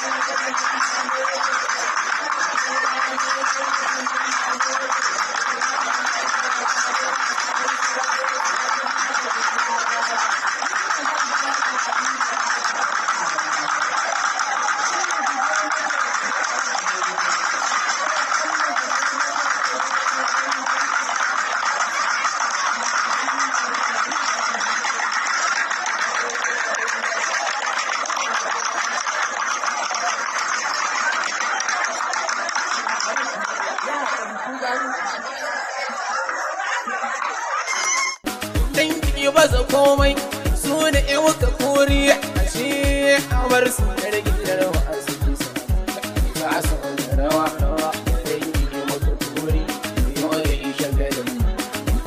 Thank you. baza komai su da yawuka kori a ce a bar su da gidan da a cikin da rawa rawa yi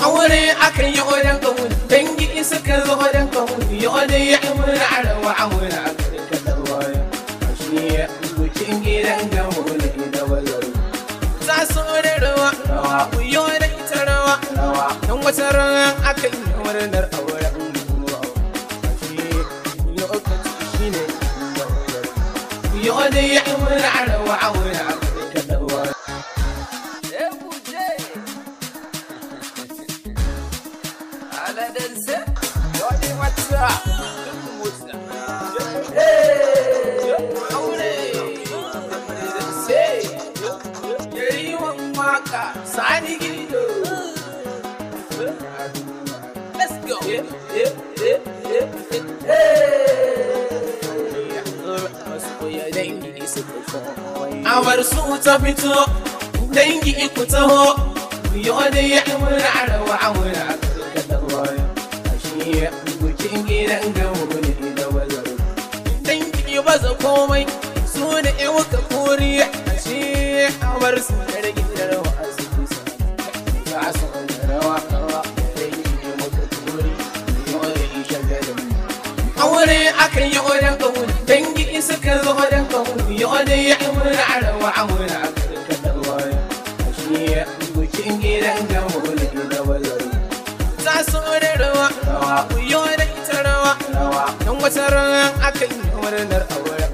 a wani akan yi wajen kawo, dangi in zo wajen kawo, yi wani ya yi a rawa a wani a waya a shi bukin gidan bazaru za su rawa rawa don wasu ran aka yi murnar auren lokaci shi ne يقعد يحول على وعول على دنسك ودي واتساب Sani gido awar su ta fito dangi iku taho yo da ya amura arawa amura a karkar da waya a shi ya bukin gidan gawo ne da wazar dangi baza komai su da iwu ka kuri a shi awar su da rage da rawa a su kusa ba su da rawa kawa dangi ne muka kuri yo da isha garin aure akan yi odan gawo dangi suka zo odan gawo Yoni mun arawa a wani a karkatar waya. Shi bukin gidan ga wani gida bazari. Ta so da rawa, ku yoni ita rawa. Don wata ran akan yi murnar aure.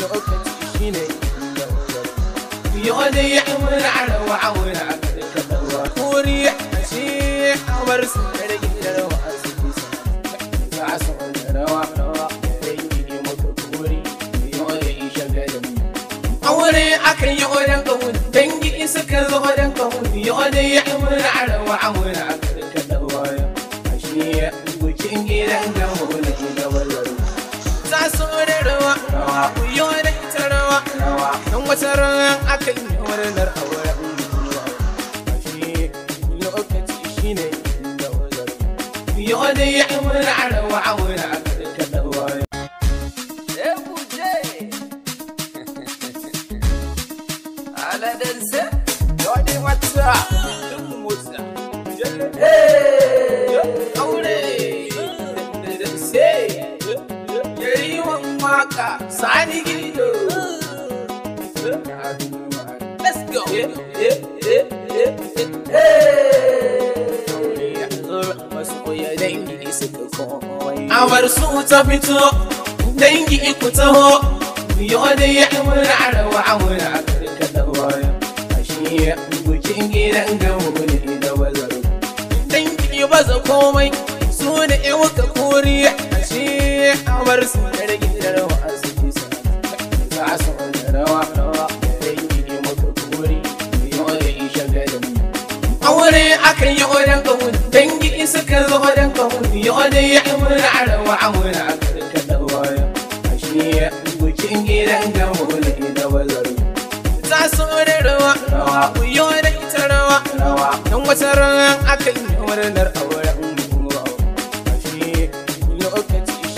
Lokaci shi ne Yoni mun arawa a wani a karkatar waya. Kuri a ce a bar su عمري da يغرم قول تنجي إسك الغرم قول يغني عمر على وعمر أكرك دوايا عشني وجنجي لنجم ولجنجا ولجنجا Sasur erwa, uyor yi nungwa sarwa akil nyor ner awar uwa. Ashi yo ketishine nda wazar, yo de yamur arwa awar. waka sani gillo let's go awar su ta fito dangi iku taho yo da ya amura arawa amura karkata waya ashe bukin gidan gawo komai su da yawa ka koriya a ce amar su da gidan da rawa a sa za su da rawa rawa da yi ne maka kori yi shaga da yi shagalin a akan yi wajen kawo dangi in suka zo wajen kawo yi odan ya amura a rawa amura a karka da waya a shi bukin gidan gamu ne da bazaru za su da rawa rawa ku yi odan ita rawa rawa don wata rawa akan yi a auren